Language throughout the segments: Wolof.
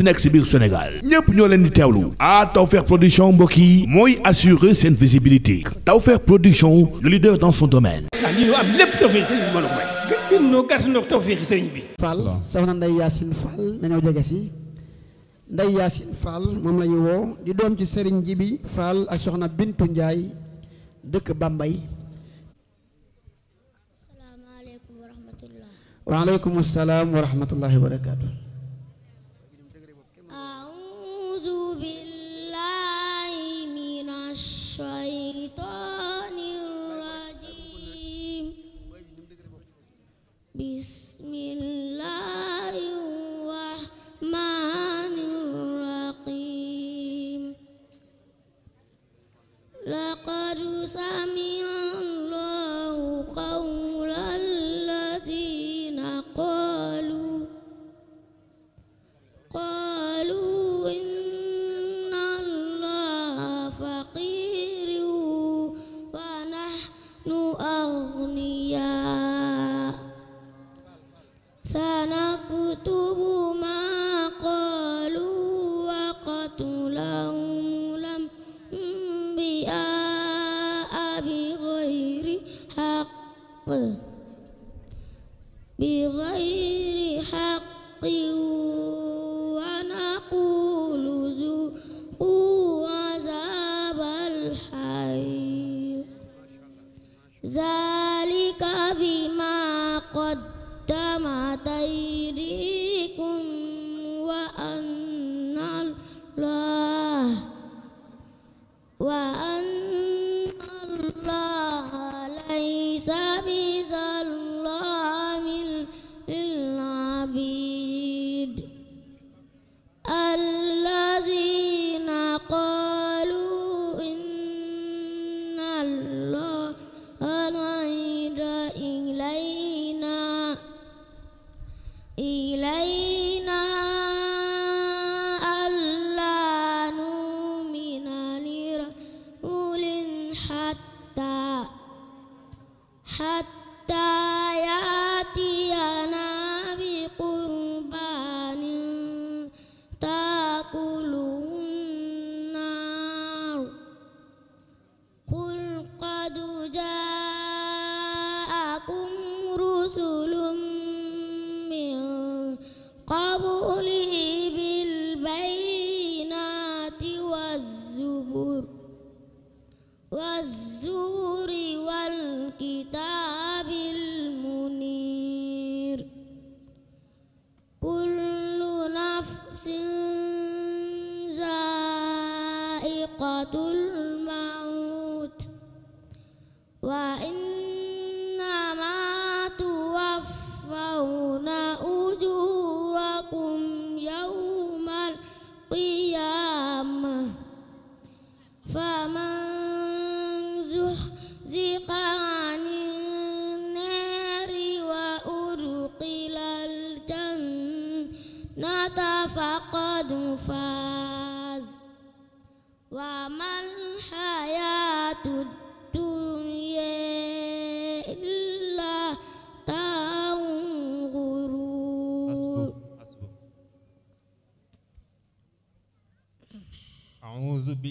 mënti nekk si biir Sénégal ñëpp ñoo leen di teewlu ah Tawfekh production mbokk yi mooy assurer seen visibilité Tawfekh production le leader dans son domaine. ah lii ñu am lépp Tawfekh sëriñ bi mën a may. gën ñoo gàtt ñoo Tawfekh sëriñ bi. Fall soxna Ndeye Yacine Fall dañoo jege si Ndeye Yacine Fall moom la ñu woo di doom ci sëriñ Jibi Fall ak soxna Bintu Ndiaye dëkk Bambay. waaleykum salaam wa rahmatullahi wa barakaatu. bismillahirrahmanirrahim laqad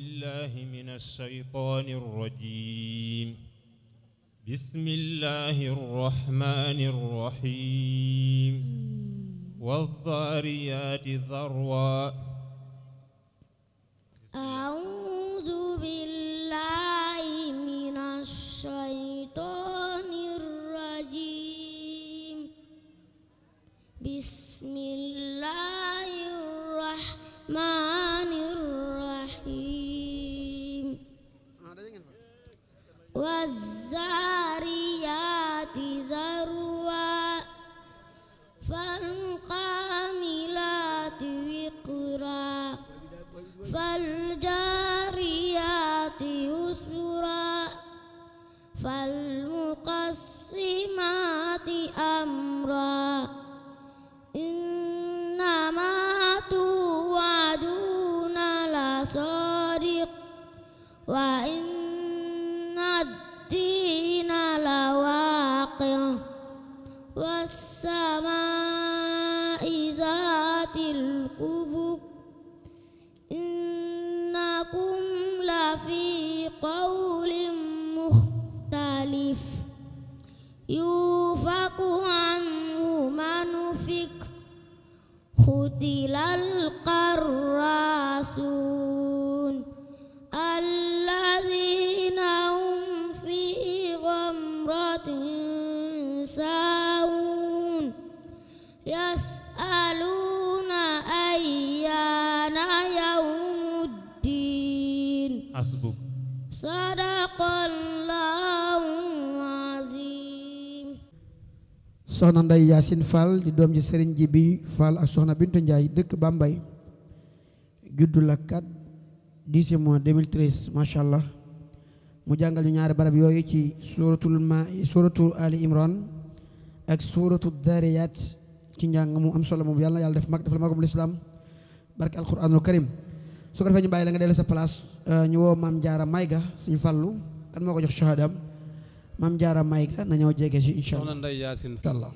بالله من الشيطان الرجيم بسم الله الرحمن الرحيم والضاريات ذروا أعوذ بالله من الشيطان الرجيم بسم الله الرحمن soxna Ndeye Yacine Fall di doom ji Serigne bi Fall ak soxna Bintu Ndiaye dëkk Bambay juddu la 4 10 mois 2013 macha allah mu jàngal ñu ñaari barab yooyu ci suuratul ma suuratul Ali Imran ak suuratul Dariyat ci njàng mu am solo moom yàlla yàlla def mag def la magum lislaam barke alquranul karim su ko defee ñu bàyyi la nga dellu sa place euh, ñu woo maam Jaara Mayga suñu fallu kan moo ko jox shahadaam maam jaara mayka na ñëw jege si incha allah soxna Ndeye Yacine Talla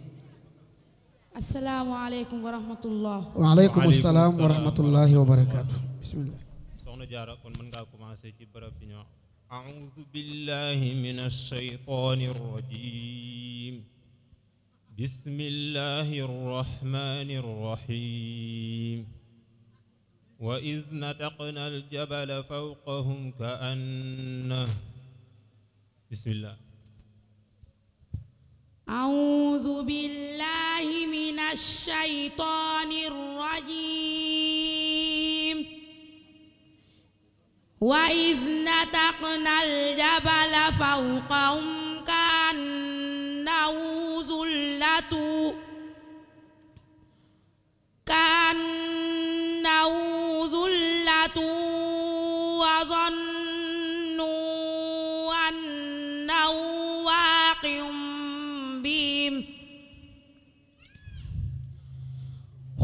asalaamaaleykum wa rahmatullah waaleykum salaam wa rahmatullahi wa barakaatu bismillah soxna jaara kon mën ngaa commencé ci barab bi ñoo أعوذ بالله من الشيطان الرجيم بسم الله الرحمن الرحيم وإذ نتقنا الجبل فوقهم كأنه بسم الله أعوذ بالله من الشيطان الرجيم وإذ نتقنا الجبل فوقهم كأنه ذلة كأنه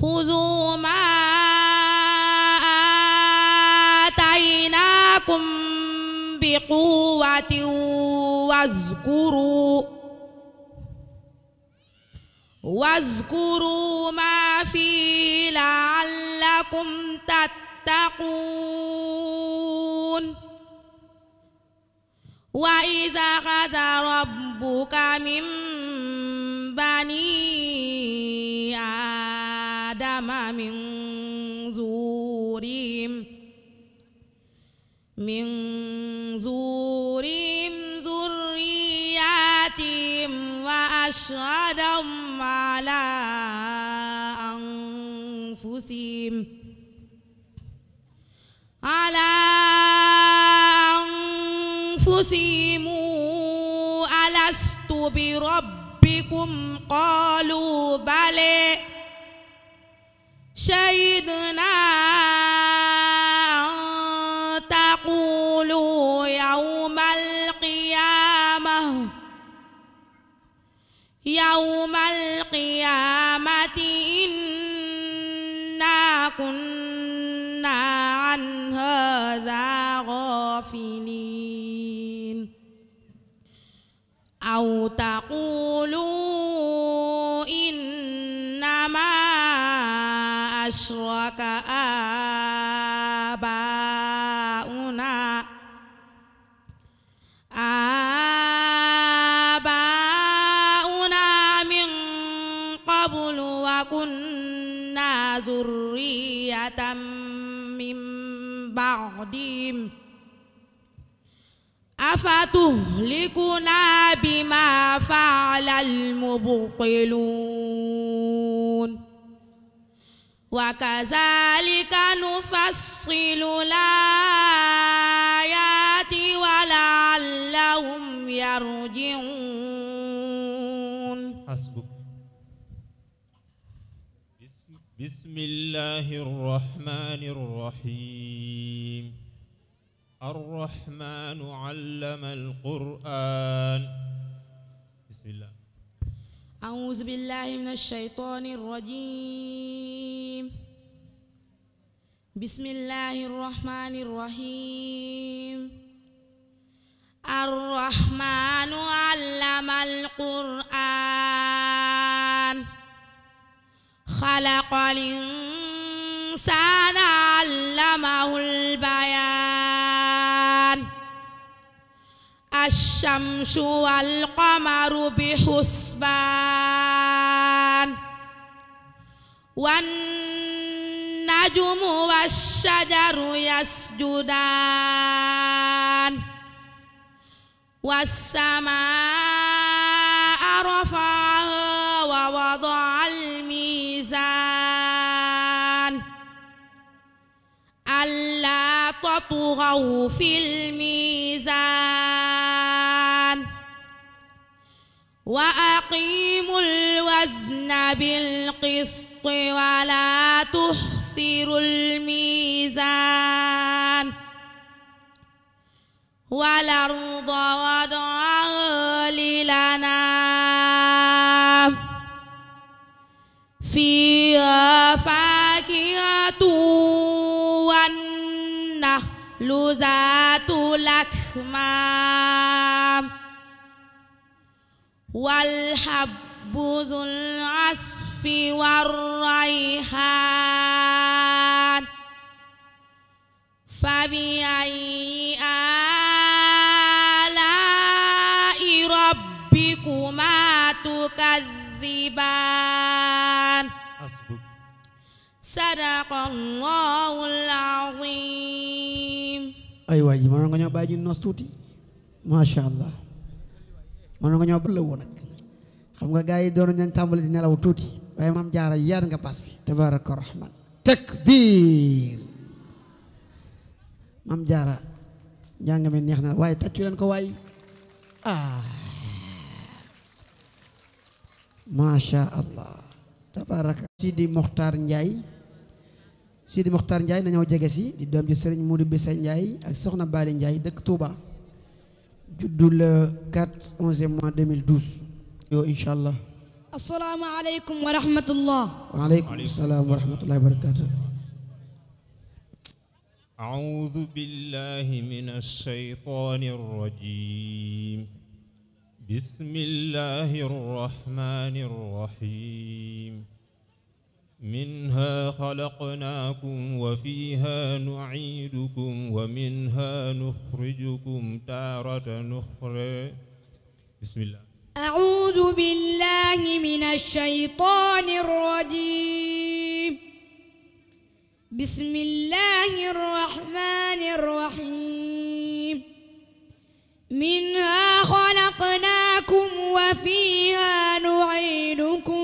خذوا ما آتيناكم بقوة واذكروا واذكروا ما فيه لعلكم تتقون وإذا أخذ ربك من بني آدم من زورهم من زورهم ذرياتهم وأشهدهم على أنفسهم على أنفسهم ألست بربكم قالوا بلى شهدنا تقولوا يوم القيامة يوم القيامة إنا كنا عن هذا غافلين أو تقولوا أفتهلكنا بما فعل المبطلون وكذلك نفصل الآيات ولعلهم يرجعون حسبك بسم, بسم الله الرحمن الرحيم arrahmaanu allama alqur'aan bismillah أعوذ بالله من الشيطان الرجيم بسم الله الرحمن الرحيم الرحمن علم القرآن خلق الإنسان علمه البيان الشمس والقمر بحسبان والنجم والشجر يسجدان والسماء رفعها ووضع الميزان ألا تطغوا في الميزان وأقيموا الوزن بالقسط ولا تخسروا الميزان والأرض وضعها للأنام فيها فاكهة والنخل ذات الأكمام والحب ذو العصف والريحان فبأي آلاء ربكما تكذبان صدق الله العظيم aywa ji ma nga ñoo bàyyi ñu noos tuuti macha allah mën nga ñoo bëlawu nag xam nga gars yi doon nañ tàmbali di nelaw tuuti waaye maam jaara yar nga bas bi tabaraka rahman takbir maam jaara njàng mi neex na waaye tàccu leen ko waay ah masha allah tabaraka Sidi Mokhtar Ndiaye Sidi Mokhtar Ndiaye dañoo jege si di doom ji sëriñ Modou Bissa Ndiaye ak soxna Bali Ndiaye dëkk Touba juddu le 4 11e mois 2012 yow incha allah. asalaamaaleykum wa rahmatullah. waaleykum salaam wa rahmatullah wa barakaatu. أعوذ بالله من الشيطان الرجيم بسم الله الرحمن الرحيم منها خلقناكم وفيها نعيدكم ومنها نخرجكم تارة أخرى بسم الله أعوذ بالله من الشيطان الرجيم بسم الله الرحمن الرحيم منها خلقناكم وفيها نعيدكم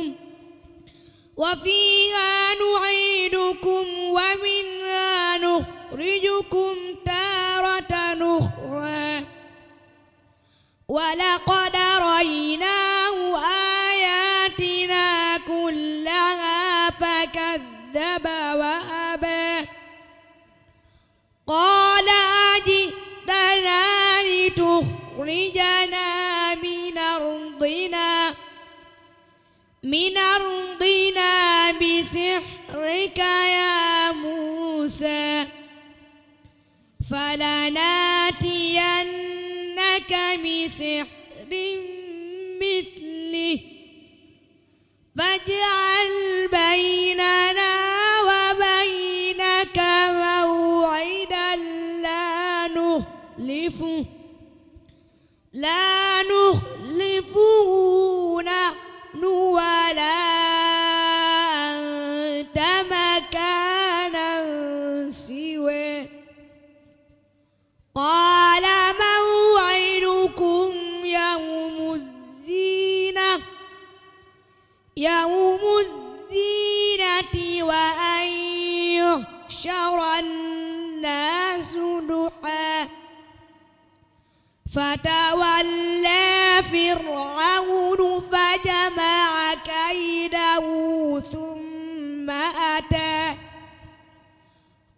وفيها نعيدكم ومنها نخرجكم تارة أخرى ولقد ريناه آياتنا كلها فكذب وأبى قال أجئتنا لتخرجنا من أرضنا بسحرك يا موسى فلناتينك بسحر مثله فاجعل بيننا وبينك موعدا لا نخلفه لا نخلفه يوم الزينة وأن يحشر الناس ضحى فتولى فرعون فجمع كيده ثم أتى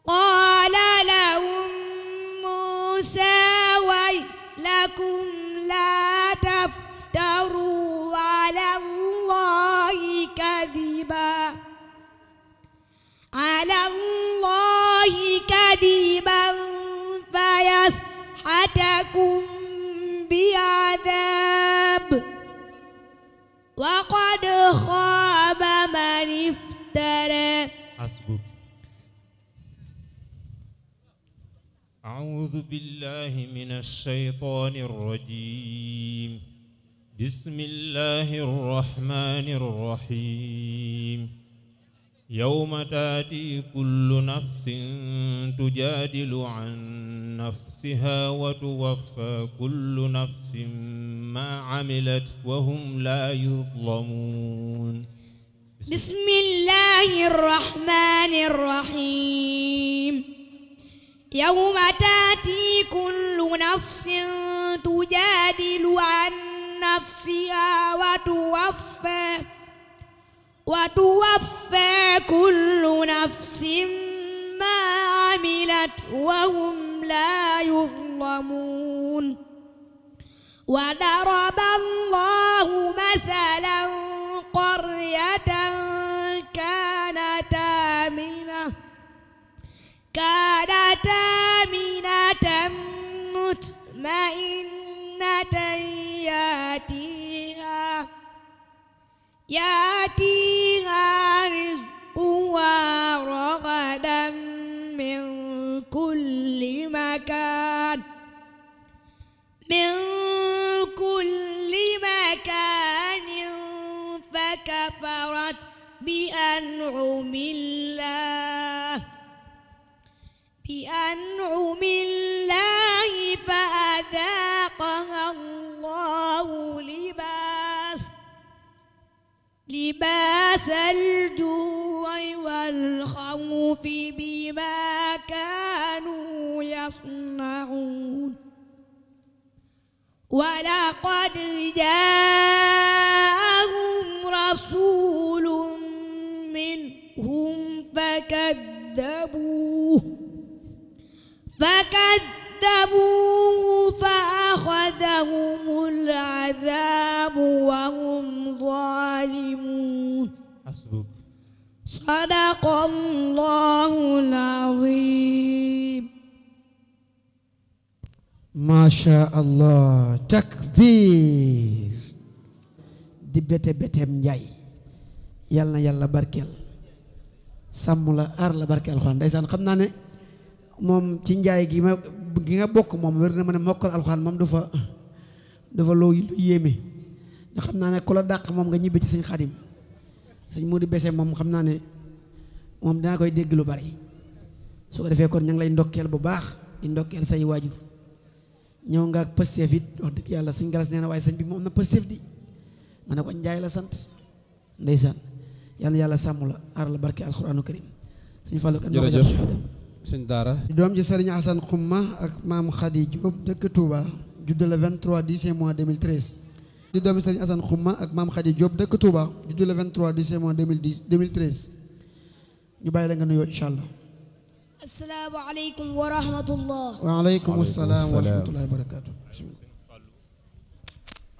قال لهم موسى ويلكم لا تفتروا أعوذ بالله من الشيطان الرجيم بسم الله الرحمن الرحيم يوم تاتي كل نفس تجادل عن نفسها وتوفى كل نفس ما عملت وهم لا يظلمون بسم الله الرحمن الرحيم يوم تاتي كل نفس تجادل عن نفسها وتوفى وتوفى كل نفس ما عملت وهم لا يظلمون وضرب الله مثلا قرية كانتا آمنة مطمئنة يأتيها يأتيها رزقها رغدا من كل مكان من كل مكان فكفرت بأنعم الله بأنعم الله فأذاقها الله لباس لباس الجوع والخوف بما كانوا يصنعون ولقد جاءهم رسول منهم فكذبوه فكذبوه فأخذهم العذاب وهم ظالمون حسبك صدق الله العظيم ما شاء الله تكبير di bete beteem njaay yal na yàlla barkeel sàmm la aar la barkeel xon ndeysaan xam naa ne moom ci njaay gi ma gi nga bokk moom wér na ma ne mokkal alxuraan moom dafa dafa loo yéeme nga xam naa ne ku la dàq moom nga ñibbi ci sëñ xadim sëñ Moodu moom xam naa ne moom dinaa koy dégg lu bari su defee kon ña ngi lay ndokkeel bu baax di say waajur ñëw nga ak pësteef wax dëgg yàlla sëñ galas nee na waaye bi moom na pësteef di ma ne ko njaay la sant ndeysaan yàlla yàlla sàmm la aar la barke suñ daara doom ji Serigne Assane Khouma ak maam Khady Diop dëkk Touba judd le 23 10 mois 2013 di doomi Serigne Assane Khouma ak maam Khady Diop dëkk Touba judd le 23 10 mois 2010 2013 ñu bàyyi la nga nuyoo incha allah asalaamaaleykum wa rahmatullah waaleykum salaam wa rahmatullah wa barakatu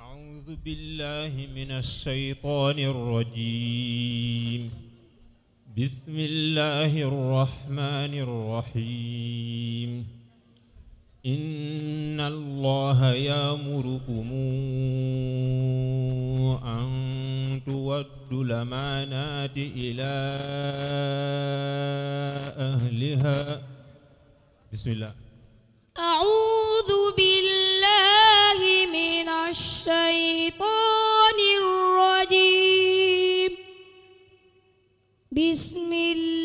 أعوذ بالله من الشيطان الرجيم بسم الله الرحمن الرحيم إن الله يأمركم أن تودوا الأمانات إلى أهلها بسم الله أعوذ بالله من الشيطان بسم الله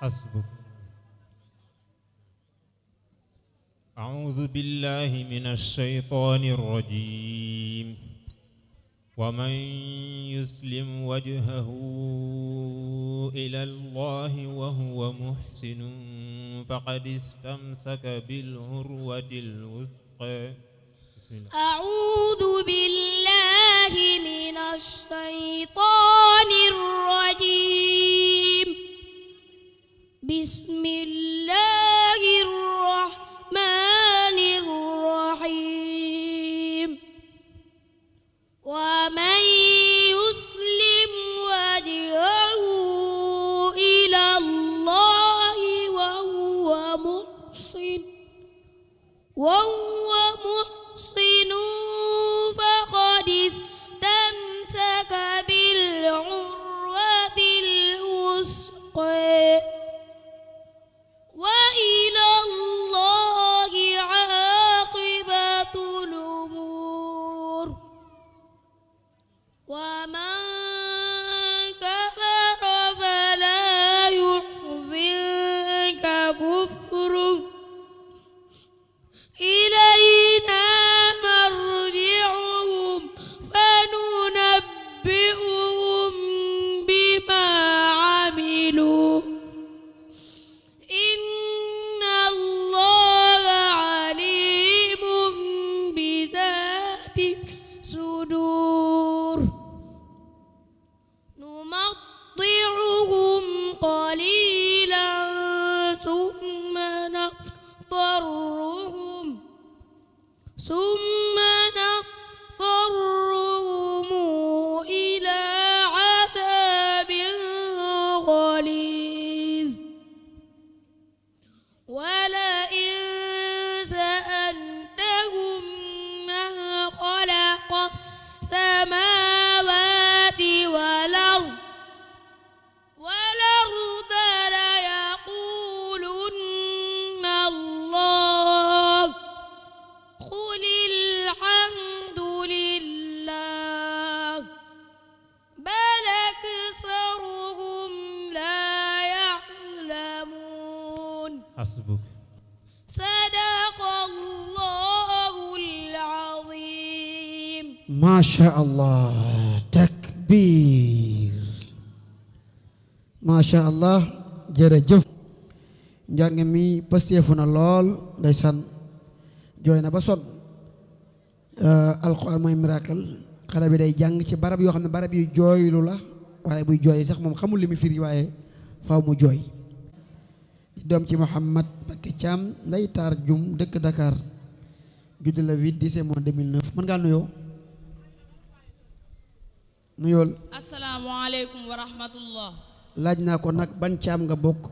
حسبك أعوذ بالله من الشيطان الرجيم ومن يسلم وجهه إلى الله وهو محسن فقد استمسك بالعروة الوثقى أعوذ بالله من الشيطان الرجيم بسم الله الرحمن الرحيم ومن يسلم وجهه إلى الله وهو محسن وهو كأنهم ما خلق السماوات macha allah takbir macha allah jëf njàng mi pasteefu na lool ndeysaan jooy na ba sol euh, alquran mooy miracle xale bi day jàng ci barab yoo xam ne barab yu jooylu la waaye buy jooy sax moom xamul li mu waaye faaw mu jooy di doom ci Mouhamad Mbacké Thiam nday taar jum dëkk dakaar judd la 8 décembre 2009 mën ngaa nuyoo nuyool asalaamaaleykum wa rahmatullah laaj naa ko nag ban caam nga bokk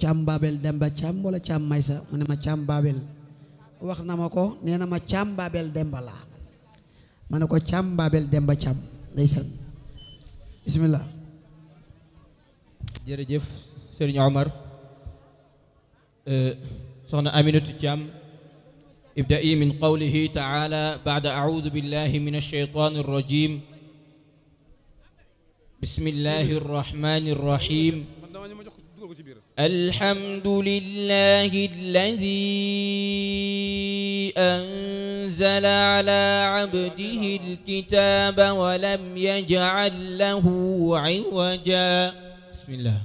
caam baabel demba caam wala caam maysa mu ne ma caam baabel wax na ko nee na ma demba laa ma ne ko caam baabel demba caam ndeysaan bismillah jërëjëf sëriñ Omar euh, soxna Aminatu Caam ibda'i min qawlihi taala ba'da a'uudu billahi min ash-shaytaani بسم الله الرحمن الرحيم الحمد لله الذي أنزل على عبده الكتاب ولم يجعل له عوجا بسم الله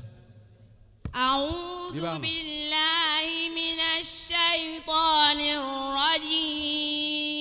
أعوذ بالله من الشيطان الرجيم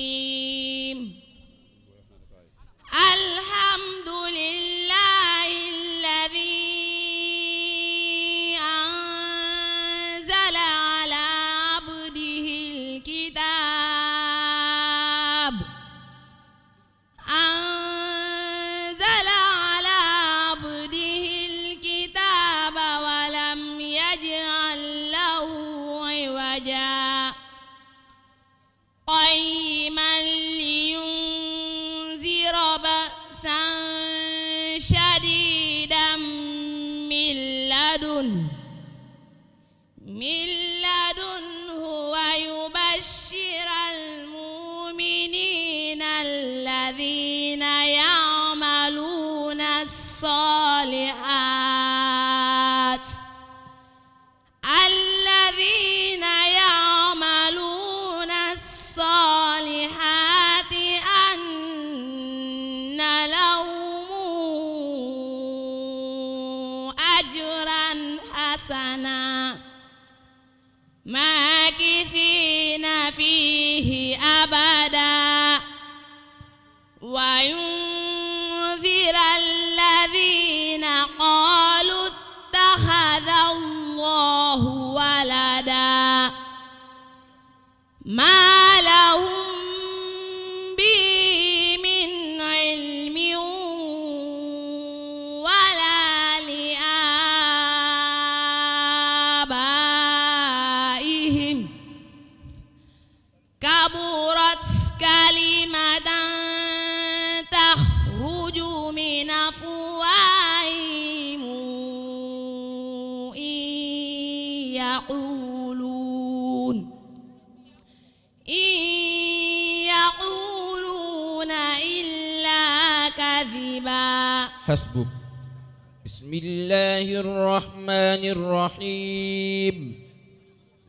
رقيب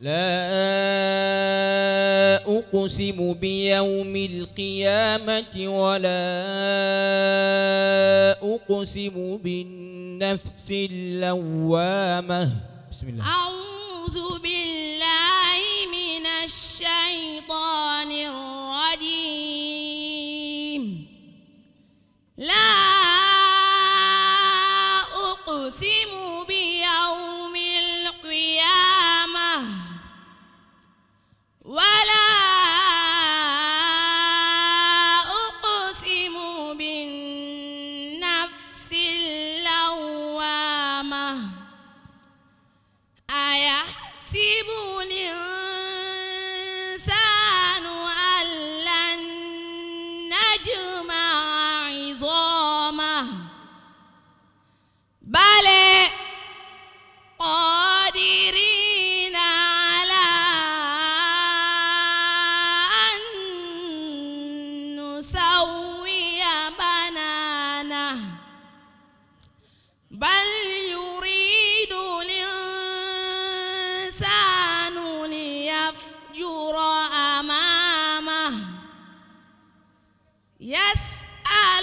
لا أقسم بيوم القيامة ولا أقسم بالنفس اللوامة بسم الله أعوذ بالله من الشيطان الرجيم لا أقسم بالنفس wala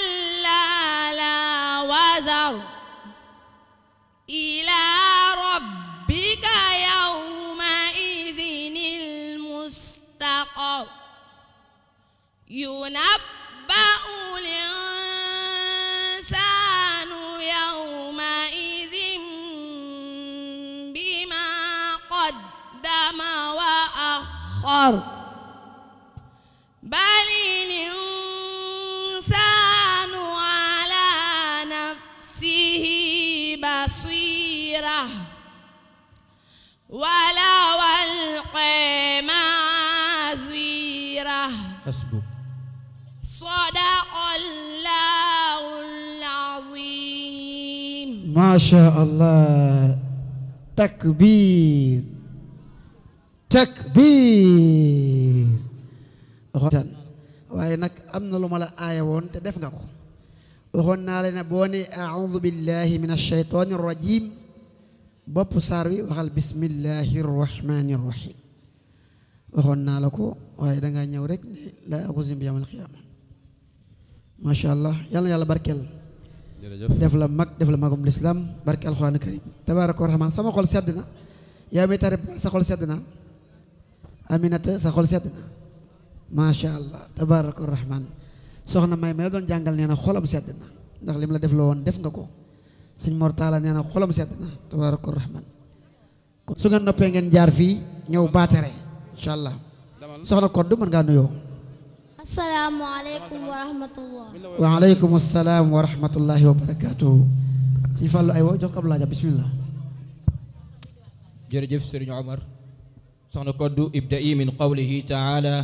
كلا لا وزر إلى ربك يومئذ المستقر ينبأ hasbuk sadaqallahul azim masha allah takbir takbir waaye nag am na lu ma la aaya woon te def nga ko waxoon naa la ne boo ne aoudu billahi min alsheytani irrajim bopp saar wi waxal bismillahi irrahmani irrahim waxoon naa la ko waaye dangaa ñëw rek la axusim bi yawmal qiyaama macha allah yàlla na yàlla barkeel def la mag def la magum lislaam barke alxuraan karim tabaaraka rahmaan sama xol sedd na yaa mi tarib sa sedd na aminata sa xol sedd na macha allah tabaaraka rahmaan soxna may ma la doon jàngal nee na xolam sedd na ndax lim la def la woon def nga ko sëñ mortala nee xolam sedd na tabaaraka rahmaan su ngeen noppee ngeen jaar fii ñëw baatere incha allah soxna Koddu mën ngaa nuyoo. asalaamaaleykum wa rahmatullah. waaleykum salaam wa rahmatullahi wa barakaatu. si fàllu ay woo jox ko ab laaj bismillah. jërëjëf Sëriñ Omar. soxna Koddu ibda'i min qawlihi taala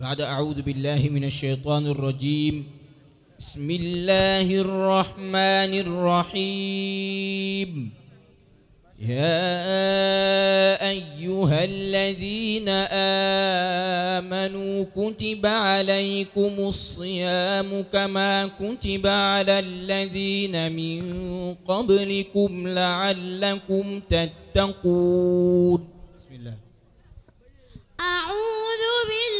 ba'da a'uudu billahi mina shaytaani rajiim. bismillahi rahmaani rahiim. يا أيها الذين آمنوا كتب عليكم الصيام كما كتب على الذين من قبلكم لعلكم تتقون بسم الله أعوذ بالله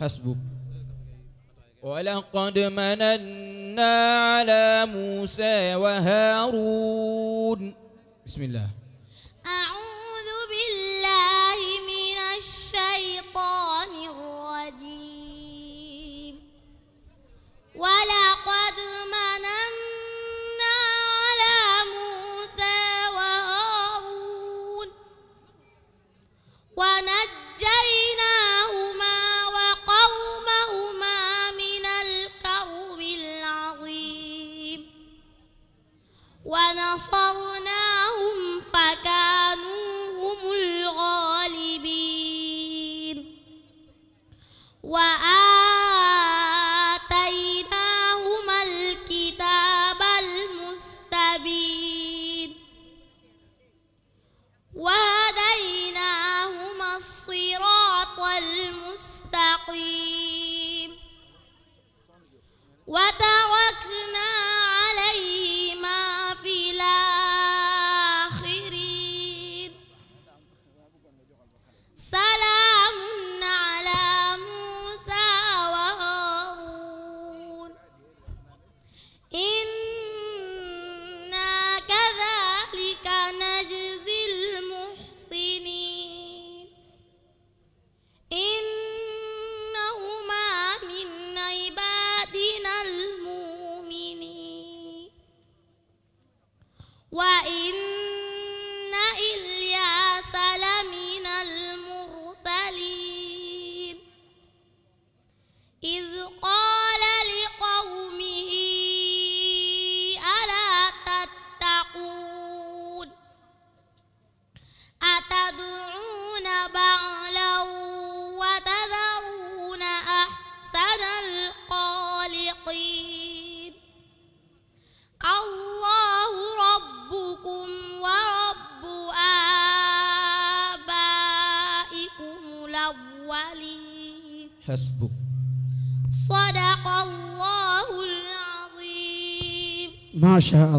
حسبك ولقد مننا على موسى وهارون بسم الله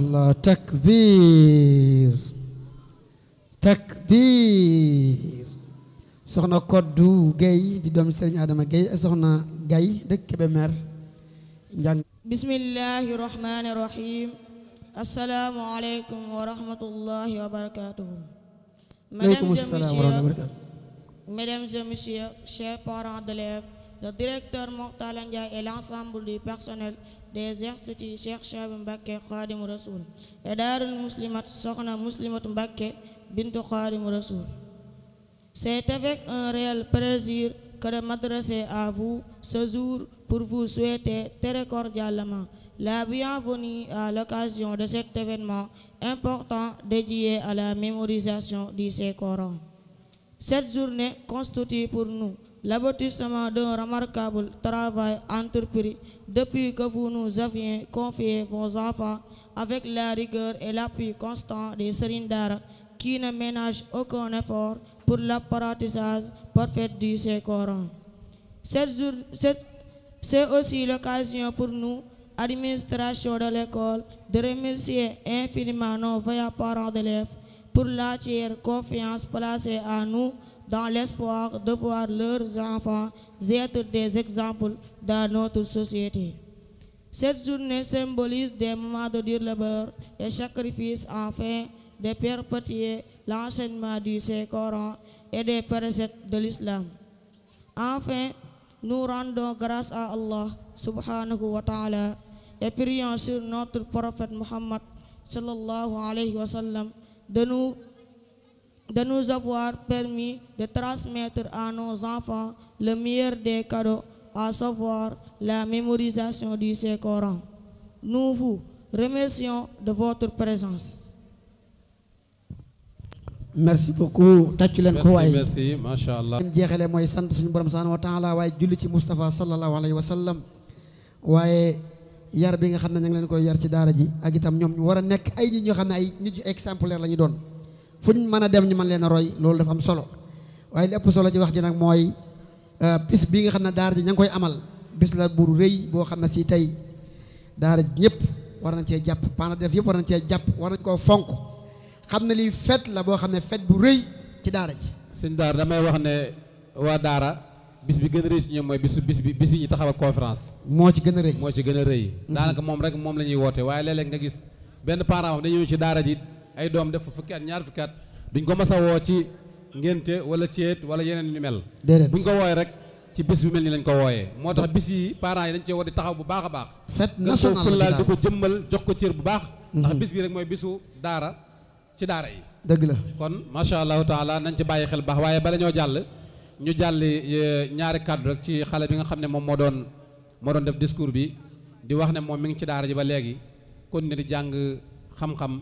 allah takbir takbir soxna koddu gay di doom sëriñ adama gay ak soxna gay dëkk Kébémer njàng bismillahi rahmani rahim assalaamu aleykum wa rahmatullahi wa barakatuhu aleykum salaam wa le directeur Mokhtar Ndiaye et l'ensemble du personnel des instituts Cheikh Chaabi Mbàkke Xaadimu Rasuul et Daarul Muslimat Soxna Muslimatu Mbàkke bintu Xaadimu Rasuul c'est avec un réel plaisir que de m'adresser à vous ce jour pour vous souhaiter très cordialement la bienvenue à l'occasion de cet événement important dédié à la mémorisation du Saint-Coran Cette journée constitue pour nous l'aboutissement d'un remarquable travail entrepris depuis que vous nous aviez confié vos enfants avec la rigueur et l'appui constant des Serigne Daara qui ne ménagent aucun effort pour l'apprentissage parfait du Saint-Coran. C'est aussi l'occasion pour nous, administration de l'école, de remercier infiniment nos veillants parents d'élèves pour l'entière confiance placée en nous dans l'espoir de voir leurs enfants être des exemples dans notre société. Cette journée symbolise des moments de dur labeur et sacrifice afin de perpétuer l'enseignement du Saint-Coran et des préceptes de l'islam. Enfin, nous rendons grâce à Allah subhanahu wa ta'ala et prions sur notre prophète Muhammad sallallahu alayhi wa sallam de nous, de nous avoir permis de transmettre à nos enfants le meilleur des cadeaux, à savoir la mémorisation du Saint-Coran. Nous vous remercions de votre présence. merci beaucoup tàccu leen ko waay merci macha allah leen jeexale mooy sant suñu borom subhanahu wa taala waaye julli ci Moustapha sallallahu alayhi wa sallam waaye yar bi nga xam ne ñu leen koy yar ci daara ji ak itam ñoom ñu war a nekk ay nit ñoo xam ne ay nit ñu exemplaire la ñu doon fu ñu mën a dem ñu man leen a roy loolu dafa am solo waaye li solo ci wax ji nag mooy euh, bis bi nga xam ne daara ji ña ngi koy amal bis la bu boo xam ne si tey daara ñëpp war nañ cee jàpp paana def yëpp war nañ cee jàpp war nañ koo fonk xam ne lii fet la boo xam ne fet bu rëy ci daara ji. sëñ daara damay wax ne waa daara. bis bi gën a rëy si ñoom mooy bisu bis bi bis yi ñu taxawal conférence. moo ci gën a rëy moo ci gën a rëy. Mhm. daanaka moom rek moom lañuy woote waaye léeg-léeg nga gis benn parent am dañu ci daara ji ay doom def fukki at ñaar fukki at duñ ko mas a woo ci ngénte wala ceet wala yeneen ñu mel. buñ ko wooyee rek ci bis bu mel ni lañ ko wooyee. moo tax bis yi parents yi dañ cee war di taxaw bu baax a baax. fête nationale la ci daara di ko jëmmal jox ko cër bu baax. Mhm. ndax bis bi rek mooy bisu daara ci daara yi. dëgg la kon macha allahu taala nañ ci bàyyi xel baax waaye bala jàll ñu jàlli e, ñaari kàddu rek ci xale bi nga xam ne moom moo doon moo doon def discours bi di wax ne moom mi ngi ci daara ji ba léegi kon ne di jàng xam-xam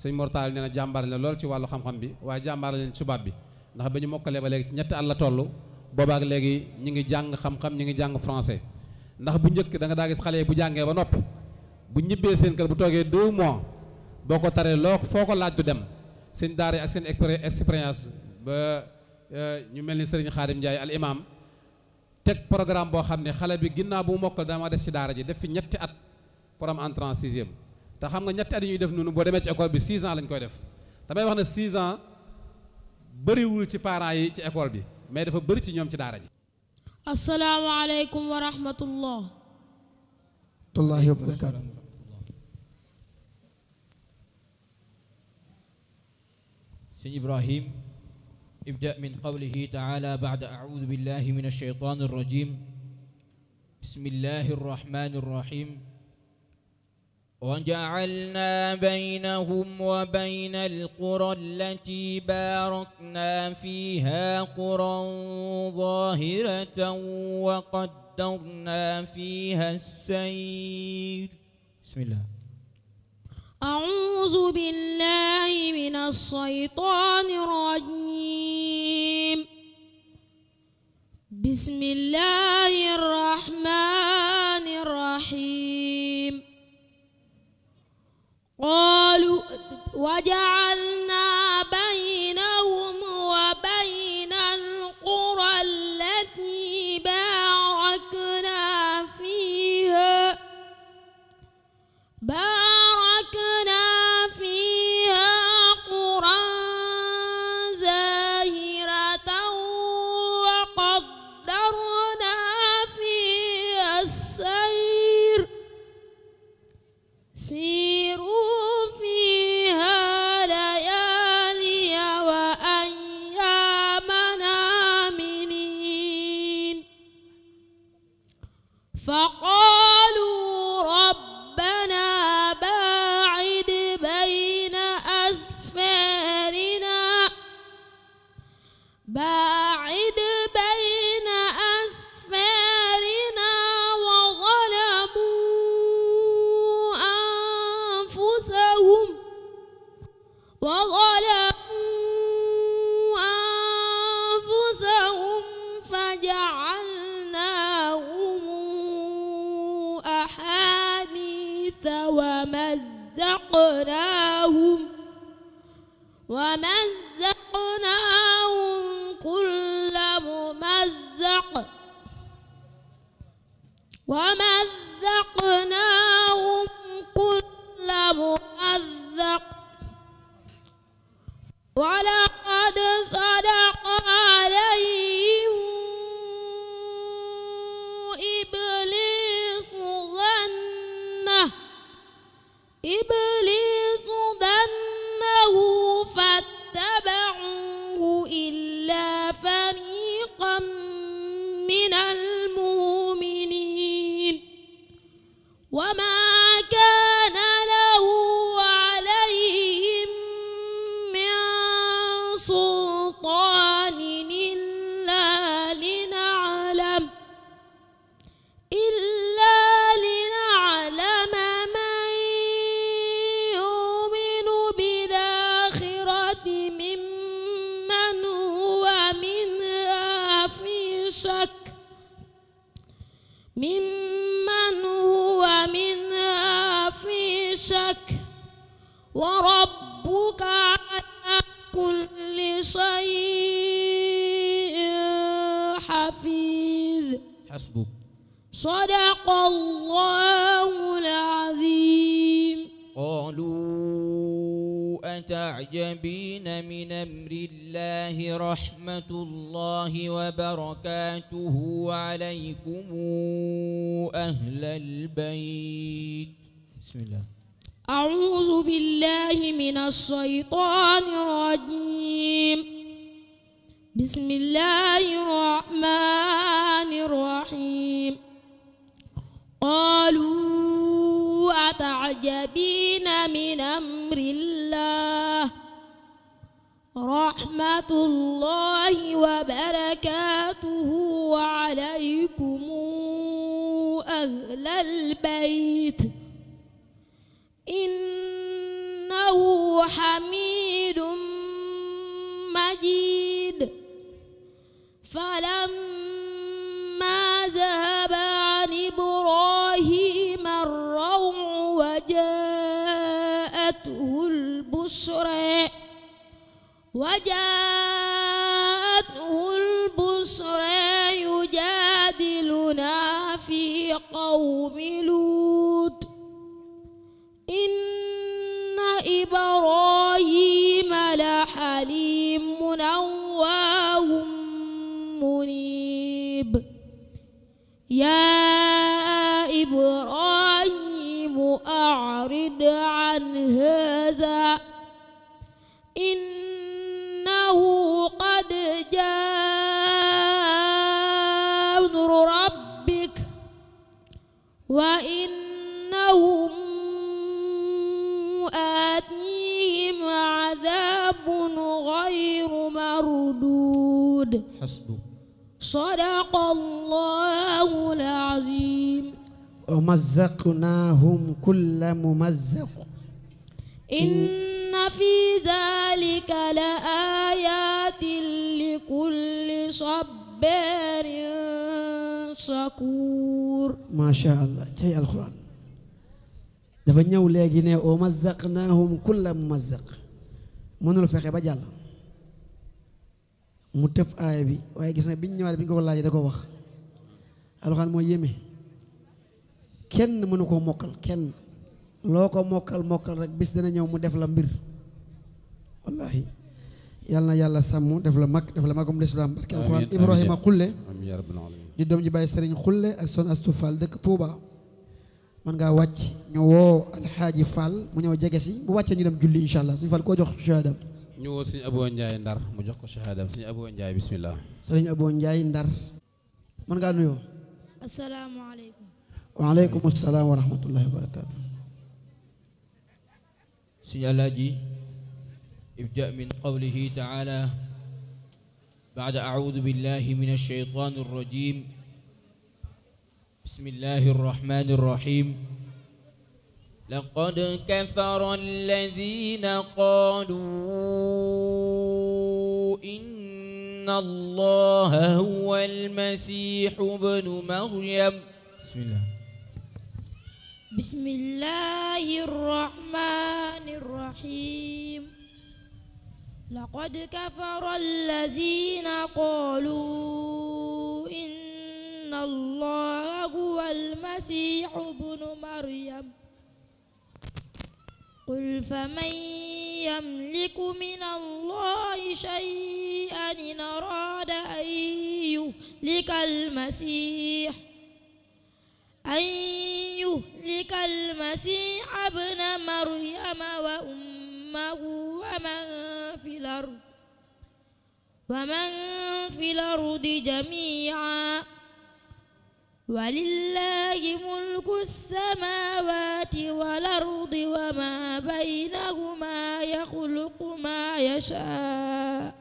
sëñ Mortaal nee na jàmbaar la lool ci wàllu xam-xam bi waaye jàmbaar leen ci subaat bi ndax ba ñu mokkalee ba léegi ci ñetti àll la toll ak léegi ñi ngi jàng xam-xam ñi ngi jàng français ndax bu njëkk danga nga daa gis xale yi bu jàngee ba nopp bu ñibbee seen kër bu toogee deux mois boo ko taree loo foo ko laaj dem Euh, ñu mel ni Serigne Khadim Ndiaye al imam teg programme boo xam ne xale bi ginnaaw bu mokkal dama des ci daara ji def fi ñetti at pour am entrée en te xam nga ñetti at yi ñuy def noonu boo demee ci école bi six ans lañ koy def damay wax na six ans bëriwul ci parents yi ci école bi mais dafa bëri ci ñoom ci daara ji. asalaamaaleykum wa rahmatullah. wallaahi wa barakaatu. sëñ Ibrahim. ابدأ من قوله تعالى بعد أعوذ بالله من الشيطان الرجيم بسم الله الرحمن الرحيم وجعلنا بينهم وبين القرى التي باركنا فيها قرى ظاهرة وقدرنا فيها السير بسم الله أعوذ بالله من الشيطان الرجيم بسم الله الرحمن الرحيم قالوا وجعلنا من المؤمنين وما sadaqallahul aziim qaaluu ata'jabiina min amrillaahi rahmatullaahi wa barakaatuhu alaykum ahlal bayt bismillaah أعوذ بالله من الشيطان الرجيم بسم الله الرحمن الرحيم قالوا أتعجبين من أمر الله رحمة الله وبركاته عليكم أهل البيت إنه حميد مجيد فلما wajaa hasbuk sadaqallahul azim wa mazzaqnahum kulla mumazzaq inna fi zalika la ayatin li kulli sabbarin shakur masha Allah tey alquran dafa ñëw léegi ne wa mazzaqnahum kulla mumazzaq mënul fexe ba jàll mu tëb aaya bi waaye gis na biñ ñëwaat bi ñu ko laajee da ko wax alxuraan moo yéeme kenn mënu koo mokkal kenn loo ko mokkal mokkal rek bis dana ñëw mu def la mbir wallahi yal na yàlla sàmm def la mag def la magum lislaam barke alxuraan Ibrahima Xulle di doom ji bàyyi sëriñ Xulle ak son astu Fall dëkk Touba mën ngaa wàcc ñu woo alxaaji Fall mu ñëw jege si bu wàccee ñu dem julli insha allah suñu Fall koo jox shahaadam ñu woo sëñ Abou Ndiaye Ndar mu jox ko shahaadam sëñ Abou Ndiaye bismillah sëñ Abou Ndiaye Ndar mën ngaa nuyoo asalaamaaleykum waaleykum asalaam wa rahmatullahi wa barakaatu sëñ Alaaji ibda min qawlihi taala baada audu billahi min alsheytaan arrajim bismillahi arrahmani arrahim لقد كفر الذين قالوا إن الله هو المسيح ابن مريم بسم الله بسم الله الرحمن الرحيم لقد كفر الذين قالوا إن الله هو المسيح ابن مريم قل فمن يملك من الله شيئا إن أراد أن يهلك المسيح أن يهلك المسيح ابن مريم وأمه ومن في الأرض ومن في الأرض جميعا ولله ملك السماوات والأرض وما بينهما يخلق ما يشاء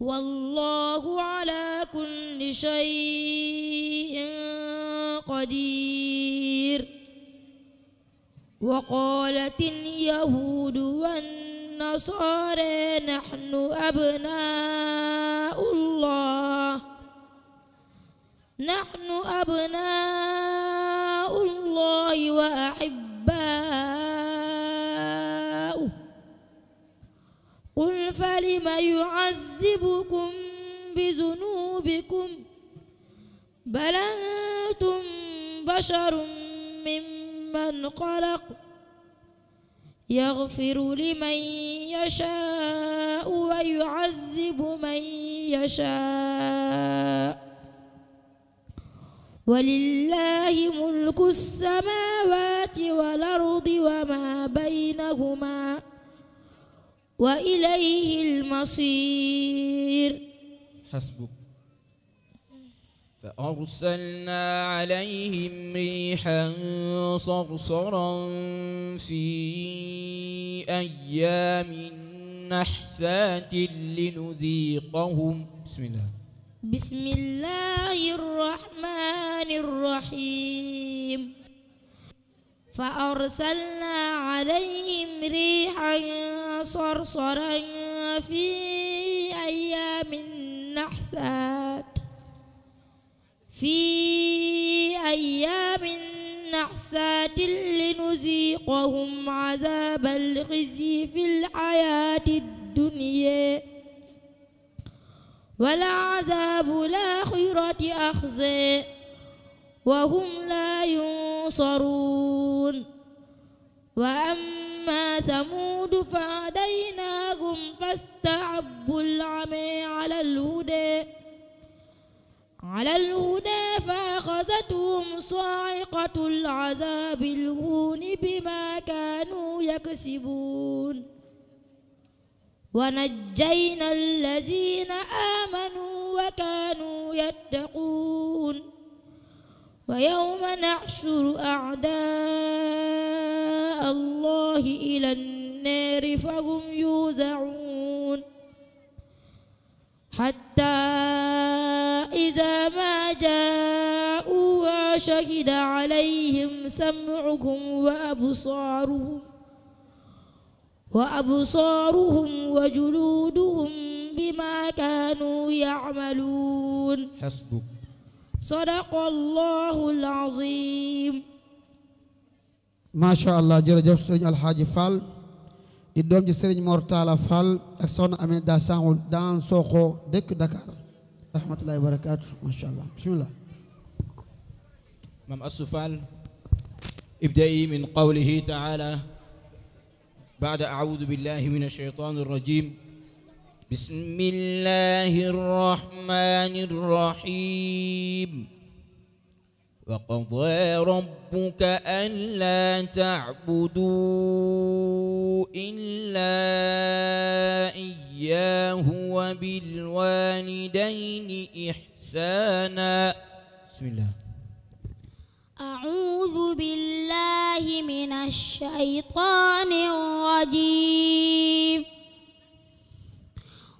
والله على كل شيء قدير وقالت اليهود والنصارى نحن أبناء نحن أبناء الله وأحباؤه قل فلم يعذبكم بذنوبكم بل أنتم بشر ممن خلق يغفر لمن يشاء ويعذب من يشاء ولله ملك السماوات والأرض وما بينهما وإليه المصير حسبك فأرسلنا عليهم ريحا صرصرا في أيام نحسات لنذيقهم بسم الله بسم الله الرحمن الرحيم فأرسلنا عليهم ريحا صرصرا في أيام نحسات في أيام نحسات لنذيقهم عذاب الخزي في الحياة الدنيا ولعذاب الآخرة أخزي وهم لا ينصرون وأما ثمود فهديناهم فاستعبوا العمي على الهدى على الهدى فأخذتهم صاعقة العذاب الهون بما كانوا يكسبون ونجينا الذين آمنوا وكانوا يتقون ويوم نحشر أعداء الله إلى النار فهم يوزعون حتى إذا ما جاءوها شهد عليهم سمعهم وأبصارهم وأبصارهم وجلودهم بما كانوا يعملون حسبك sadaqallahu alazim macha allah jërëjëf sëriñ alxaaji Fall di doom ji sëriñ Mortala Fall ak soxna Amina daa sangul daan soxoo dëkk Dakar rahmatullahi wa barakaatu macha allah bismillah maam Astou Fall ibdai min qawlihi taala baada audu billahi min alsheytan alrajim بسم الله الرحمن الرحيم وقضى ربك ألا تعبدوا إلا إياه وبالوالدين إحسانا بسم الله أعوذ بالله من الشيطان الرجيم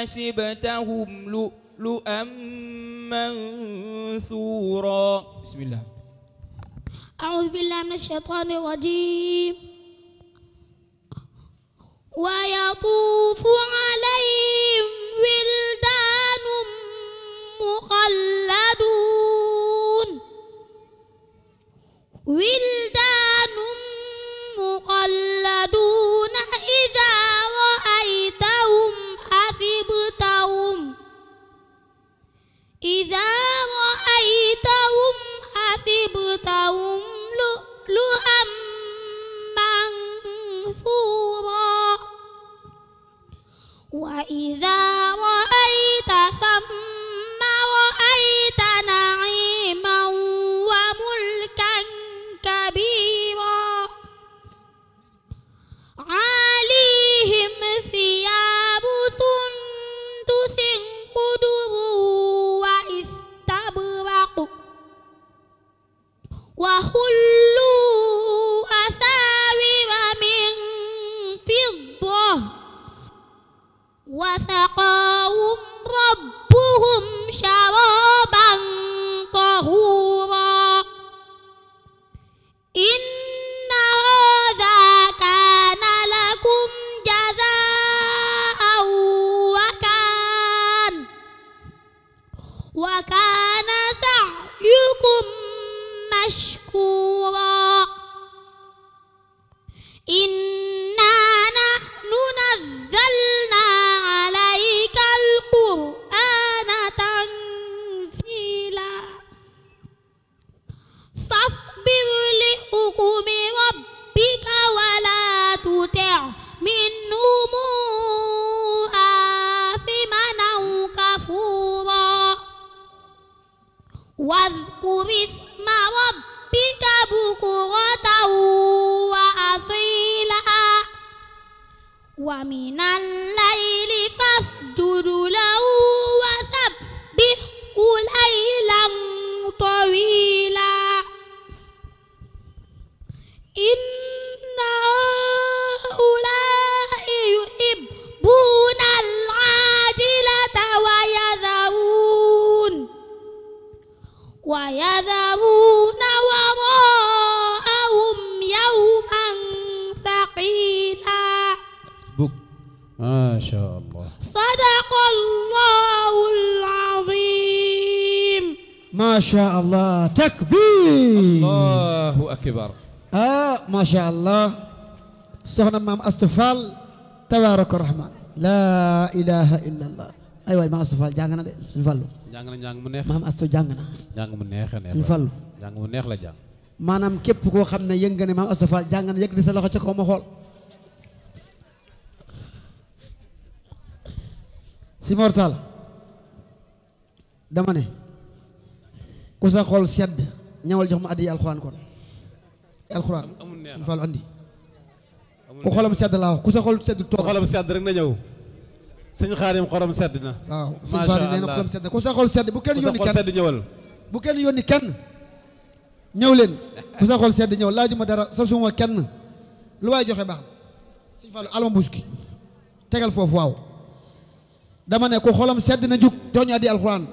حاسبتهم لؤلؤا منثورا بسم الله أعوذ بالله من الشيطان الرجيم ويطوف عليهم ولدان مخلدون ولدان مخلدون إذا رأيتهم حسبتهم لؤلؤا منثورا وإذا رأيت ثم وخلوا أساور من فضة وسقاهم ربهم شرابا maam Astu Fall tabaaraka rahmaan laa ilaha illa allah ay waay maam Astu Fall jàng na de suñu fallu mu neex maam Astu jàng na mu neex suñu fallu jàng neex la jàng maanaam képp koo xam ne yëng ne maam Astu Fall jàng na yëg di sa loxo ca kaw ma xool si mortal dama ne ku sa xool sedd ñawal jox ma addi alxuraan kon alxuraan suñu fallu andi ku xolam sedd laa wax ku sa sedd toog. ku xolam rek na ñëw. sëñ Xaadim xolam sedd na. waaw sëñ Xaadim nee na xolam sedd ku sa xol sedd bu kenn yónni kenn ku sa xol sedd ñëwal. bu kenn ñëw leen ku sa xol sedd ñëw laajuma dara sa suma kenn lu waay joxe baax na. sëñ Fallou alma gi tegal foofu waaw. dama ne ku xolam sedd na jug jox ñu addi alxuraan.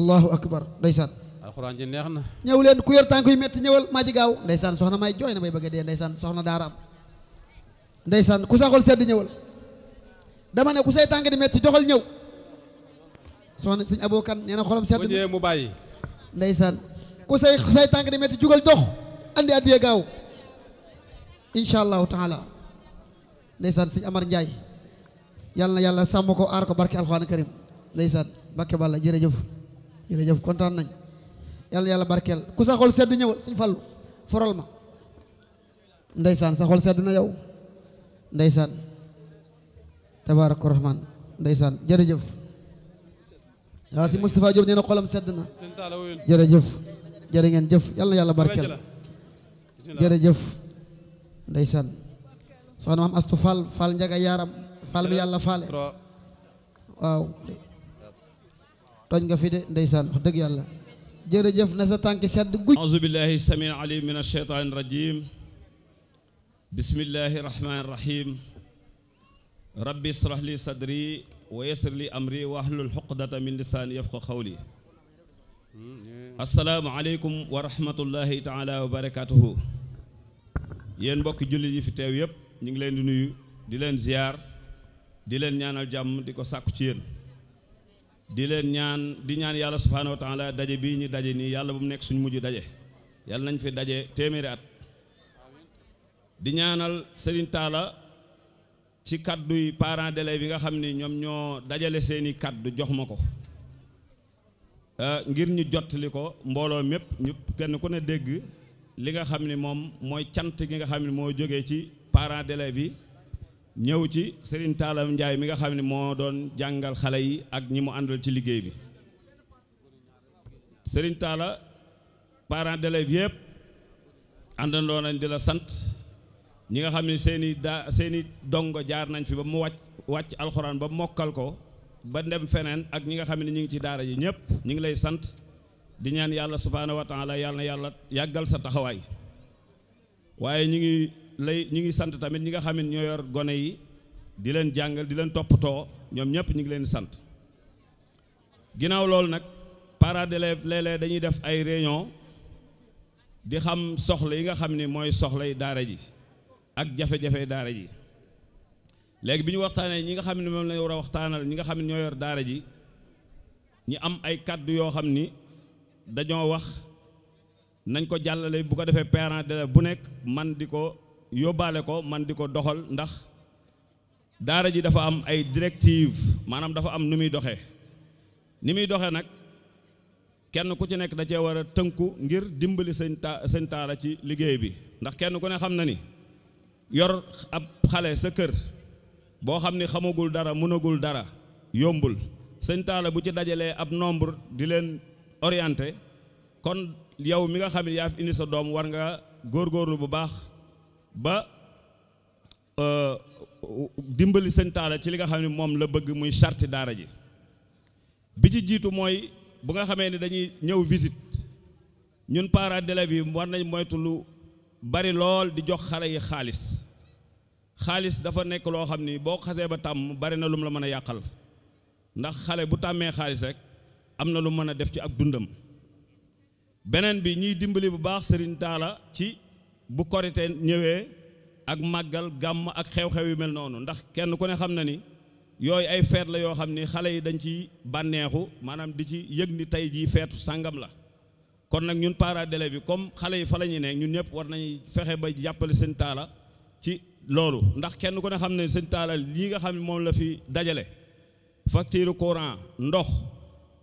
allahu akbar ndeysaan. alxuraan ji neex na. ñëw leen ku yor tànk yu métti ñëwal maa ci gaaw ndeysaan soxna may jooy na may bëgg dee ndeysaan soxna daaraam. ndeysaan ku sa xol sedd ñëwal dama ne ku say tànk di metti joxal ñëw soxna sëñ Abou Kane nee na xolam sedd ñëwee ndeysaan ku say say tànk di metti jugal dox andi addiyee gaaw incha allahu taala ndeysaan sëñ Amar Ndiaye yàlla na yàlla sàmm ko aar ko barke alxuraan karim ndeysaan Mbàkke Bàlla jërëjëf jërëjëf kontaan nañ yàlla yàlla barkeel ku sa xol sedd ñëwal sëñ Fallu foral ma ndeysaan sa xol sedd na yow ndeysaan tabaaraka rahmaan ndeysaan jërëjëf waaw si Moustapha Diop nee na sedd na jërëjëf jërë ngeen jëf yàlla yàlla barkeel jërëjëf ndeysaan soxna maam astu faal faal yàlla faale waaw tooñ de ndeysaan wax dëgg yàlla jërëjëf na sa tànk sedd guj bismillahi rahmaani rahiim rabbi israh li sadri wa yassir li amri wahlul xuqdata min lisaani yafqa xawli assalaamu aleykum wa rahmatullahi taala wa barakatuhu jullit yi fi teew yépp ñu ngi leen di nuyu di leen ziyaar di leen ñaanal jàmm di ko sàkku ci yéen di leen ñaan di ñaan yàlla subhaanahu wa taala daje bii ñu daje nii yàlla bu mu nekk suñu mujj daje yàlla nañ fi daje téeméeri at di ñaanal Serigne Talla ci kadduy parent d'élèves bi nga xam ni ñoom ñoo dajale seeni kàddu jox ma ko euh, ngir ñu jottali ko mbooloo mépp ñu kenn ku ne dégg li nga xam ni moom mooy cant gi nga xam ni moo jóge ci parent d'élèves bi ñëw ci Serigne Talla Ndiaye mi nga xam ni moo doon jàngal xale yi ak ñi mu àndal ci liggéey bi Serigne Talla parents d'élèves yëpp àndandoo nañ di la sant ñi nga xam ne seeni daa seeni i dongo jaar nañ fi ba mu wàcc wàcc alxuraan ba mokkal ko ba dem feneen ak ñi nga xam ne ñu ngi ci daara yi ñëpp ñu ngi lay sant di ñaan yàlla subhaanahu wa taala yàlla yàlla yàggal sa taxawaay waaye ñu ngi lay ñu ngi sant tamit ñi nga xam ne ñoo yor gone yi di leen jàngal di leen toppatoo ñoom ñëpp ñu ngi leen sant ginnaaw loolu nag parents d'élèves léeg dañuy def ay réunion di xam soxla yi nga xam ne mooy soxla yi daara ji ak jafe-jafe daara ji léegi bi ñu waxtaanee ñi nga xam ne moom lañ war a waxtaanal ñi nga xam ne ñoo yor daara ji ñi am ay kàddu yoo xam ni dañoo wax nañ ko jàllale bu ko defee parent de bu nekk man di ko yóbbaale ko man di ko doxal ndax daara ji dafa am ay directive maanaam dafa am nu muy doxee ni muy doxee nag kenn ku ci nekk da cee war a tënku ngir dimbali seen ta seen taara ci liggéey bi ndax kenn ku ne xam na ni yor ab xale sa kër boo xam ni xamagul dara mënagul dara yombul sëñ taala bu ci dajalee ab nombre di leen orienté kon yow mi nga xam ne yaa fi indi sa doom war nga góorgóorlu bu baax ba euh, dimbali sëñ taala ci li nga xam ne moom la bëgg muy sarti daara ji bi ci jiitu mooy bu nga xamee ne dañuy ñëw visit ñun parents d'élèves yi war nañ moytu lu bari lool di jox xale yi xaalis xaalis dafa nekk loo xam ni boo xasee ba tàmm bari na lu la mën a yàqal ndax xale bu tàmmee xaalis rek am na lu mën a def ci ak dundam beneen bi ñuy dimbali bu baax sëriñ taala ci bu korite ñëwee ak màggal gàmm ak xew-xew yu mel noonu ndax kenn ku ne xam na ni yooyu ay feet la yoo xam ni xale yi dañ ciy bànneexu maanaam di ci yëg ni tey jii feetu sàngam la kon nag ñun parents dele bi comme xale yi fa la ñu ne ñun ñëpp war nañu fexe ba jàppale sëñ taala ci loolu ndax kenn ku ne xam ne sëñ taala lii nga xam ne moom la fi dajale facture courant ndox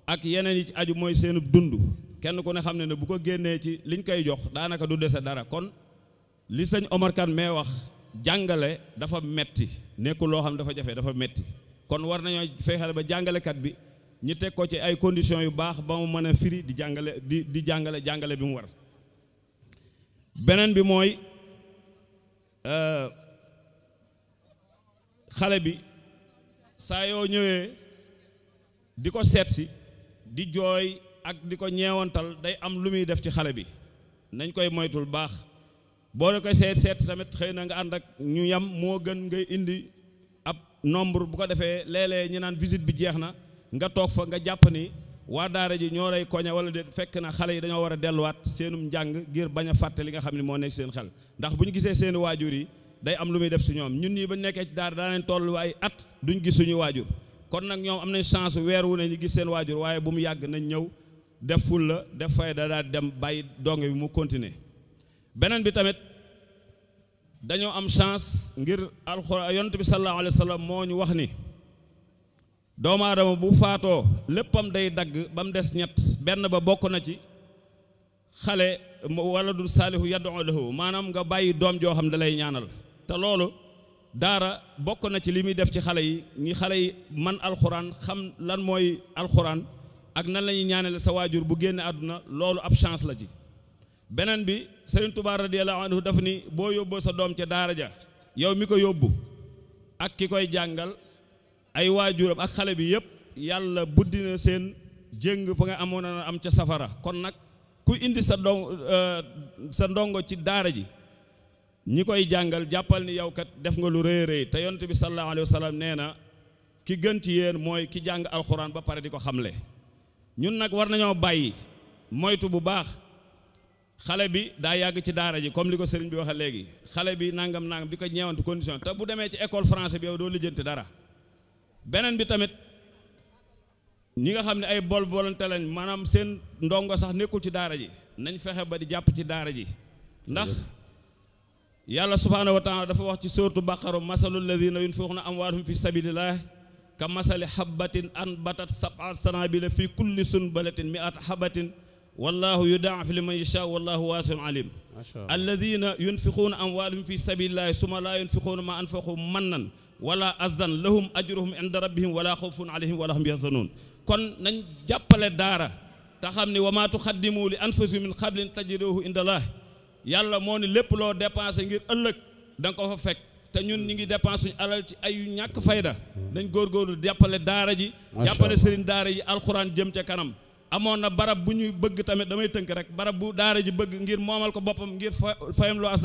ak yeneen yi ci aju mooy seenub dund kenn ku ne xam ne ne bu ko génnee ci liñ koy jox daanaka du dese dara kon li sëñ Omar Kane mee wax jàngale dafa metti nekkul loo xam ne dafa jafe dafa metti kon war nañoo fexeel ba jàngalekat bi ñi teg ko ci ay conditions yu baax ba mu mën a firi di jàngale di di jàngale jàngale bi mu war beneen bi mooy euh, xale bi saa yoo ñëwee di ko seet si di jooy ak di ko ñeewantal day am lu muy def ci xale bi nañ koy moytul baax boo da koy seet seet tamit xëy na nga ànd ak ñu yam moo gën ngay indi ab nombre bu ko defee léeg-léeg ñu naan visite bi jeex na nga toog fa nga jàpp ni waa daara ji ñoo lay koña wala de fekk na xale yi dañoo war a delluwaat seenum njàng ngir bañ a fàtte li nga xam ne moo nekk seen xel ndax bu ñu gisee seeni waajur yi day am lu muy def su ñoom ñun nii ba nekkee ci daara daa leen tollu ay at duñu gis suñu waajur kon nag ñoom am nañ chance weer wu ne ñu gis seen waajur waaye bu mu yàgg nañ ñëw def ful la def fay da daa dem bàyyi donge bi mu continuer beneen bi tamit dañoo am chance ngir alxuraan yonent bi sallallahu alayhi moo ñu wax ni doomu aadama bu faatoo léppam day dagg ba des ñett benn ba bokk na ci xale wala du saalihu yad'u lahu maanaam nga bàyyi doom joo xam ne da lay ñaanal te loolu daara bokk na ci li muy def ci xale yi ñi xale yi man alxuraan xam lan mooy alxuraan ak nan lañuy ñaanale sa waajur bu génne àdduna loolu ab chance la ci beneen bi Sëriñ Tuubaa radiyallahu anhu dafa ni boo yóbboo sa doom ca daara ja yow mi ko yóbbu ak ki koy jàngal ay waajuram ak xale bi yëpp yàlla buddi na seen jëng fa nga amoon na am ca safara kon nag ku indi sa dong euh, sa ndongo ci daara ji ñi koy jàngal jàppal ni yow kat def nga lu rëy rëy te yonent bi sallallahu alayhi wa sallam nee na ki gën ci yéen mooy ki jàng alxuraan ba pare di ko xamle ñun nag war nañoo bàyyi moytu bu baax xale bi daa yàgg ci daara ji comme li ko sëriñ bi waxee léegi xale bi nangam nangam bi ko ñeewantu condition te bu demee ci école français bi yow doo lijjanti dara beneen bi tamit ñi nga xam ne ay bol volonté lañ maanaam seen ndongo sax nekkul ci daara ji nañ fexe ba di jàpp ci daara ji ndax yàlla subhaanahu wa taala dafa wax ci sóortu baqara masalul ladina yunfiquna amwaalahum fi sabilillah ka masali xabatin an batat sab'a sanabila fi kulli sunbalatin mi'at xabatin wallahu yudaafi liman yasha wallahu waasiun alim alladina yunfiquuna amwaalahum fi sabilillahi ma laa yunfiquuna ma man mannan wala azan lahum ajruhum inda rabbihim wala xawfun alayhim wala hum yahzanun kon nañ jàppale daara te xam ni wa maa tuqaddimu li anfusikum min xablin tajiduhu inda allah yàlla moo ni lépp loo dépensé ngir ëllëg da ko fa fekk te ñun ñu ngi dépensé suñu alal ci ay ñàkk fayda nañ góorlu jàppale daara ji jàppale sëriñ daara yi alxuraan jëm ca kanam amoon na barab bu ñuy bëgg tamit damay tënk rek barab bu daara ji bëgg ngir moomal ko boppam ngir fayam loo as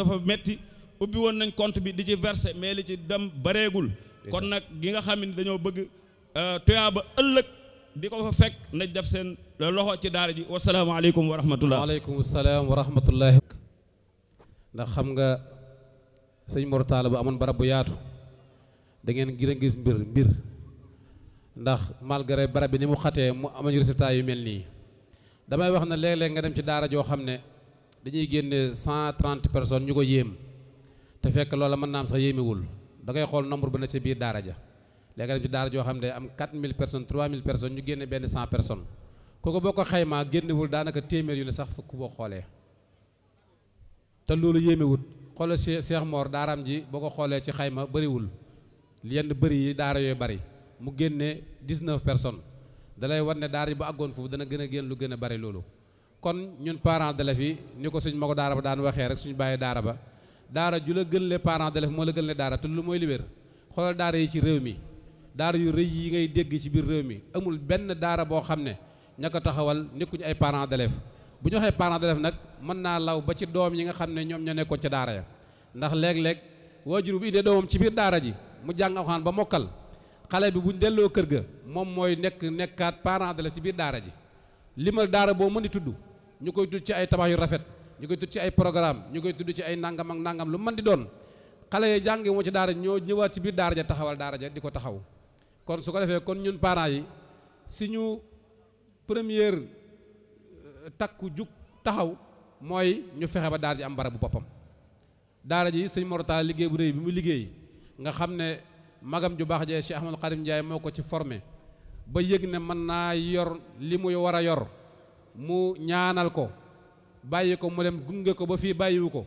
ubbi woon nañ compte bi di ci verser mais li ci dem bareegul kon nag gi nga xam ne dañoo bëgg euh, tuyaaba ëllëg di ko fa fekk nañ def seen loxo ci daara ji wasalaamaaleykum wa rahmatullah waaleykum salaam wa rahmatullah ndax xam nga sëñ mortaala bu amoon barab bu yaatu da ngeen gën a gis mbir mbir ndax malgré barab bi ni mu xatee mu amañu résultat yu mel nii damay wax na léeg-léeg nga dem ci daara joo xam ne dañuy génne cent trente personnes ñu ko yéem te fekk loola mën naa am sax yéemewul da ngay xool nombre bu ne ci biir daara ja léegi dem ci daara joo xam ne am 4000 personnes 3000 personnes ñu génne benn 100 personnes kooku boo ko xaymaa génnewul daanaka téeméer yu ne sax fukk boo xoolee te loolu yéemewut xoolal Cheikh moor daaraam ji boo ko xoolee ci xayma bëriwul yenn bëri yi daara yooyu bëri mu génne 19 personnes da war ne daara yi bu àggoon foofu dana gën génn lu gën a bëri loolu kon ñun parents d'élèves yi ni ko suñ ma ko daara ba daan waxee rek suñu bàyyi daara ba daara ju la gën le parent d'élève moo la gën le daara te lu mooy li wér daara yi ci réew mi daara yu rëy yi ngay dégg ci biir réew mi amul benn daara boo xam ne ña ko taxawal nekkuñu ay parent d'élève bu ñu waxee parent d'élève nag mën naa law ba ci doom yi nga xam ne ñoom ña nekkoon ca daara ya ndax léeg-léeg waajur bu indee doomam ci biir daara ji mu jàng alxuraan ba mokkal xale bi buñ delloo kër ga moom mooy nekk nekkaat parent d'élève ci biir daara ji limal daara boo mën di tudd ñu koy tudd ci ay tabax yu rafet ñu koy tudd ci ay programme ñu koy tudd ci ay nangam ak nangam lu man di doon xale yi jàngi ci daara ñoo ñëwaat ci biir daara ja taxawal daara ja di ko taxaw kon su ko defee kon ñun parents yi suñu première euh, takku jug taxaw mooy ñu fexe ba daara ji am barabu boppam daara ji sëñ Mortalla liggéey bu rëy bi mu liggéey nga xam ne magam ju baax jee Cheikh Ahmadou Khadim Ndiaye moo ko ci formé ba yëg ne mën naa yor li muy war a yor mu ñaanal ko bàyyi ko mu dem gunge ko ba fii bàyyiwu ko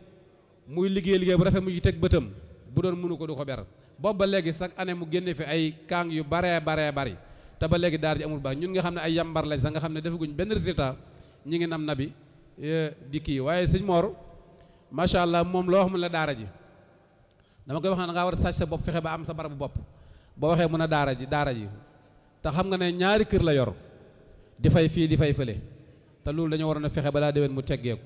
muy liggéey liggéey bu rafet mu ci teg bëtam bu doon mënu ko du ko ber boobu ba léegi chaque année mu génne fi ay kàng yu baree baree bari te ba léegi daar ji amul baax ñun nga xam ne ay yambar lañ nga xam ne defaguñ benn résultat ñi ngi nam na bi eh, di kii waaye sëñ Mor macha allah moom loo xam la daara ji dama koy wax ne da ngaa war a sàcc sa bopp fexe ba am sa barabu bopp boo waxee mun a daara ji daara ji te xam nga ne ñaari kër la yor di fay fii di fay fële. te loolu dañoo waroon a fexe balaa déwén mu teggeeku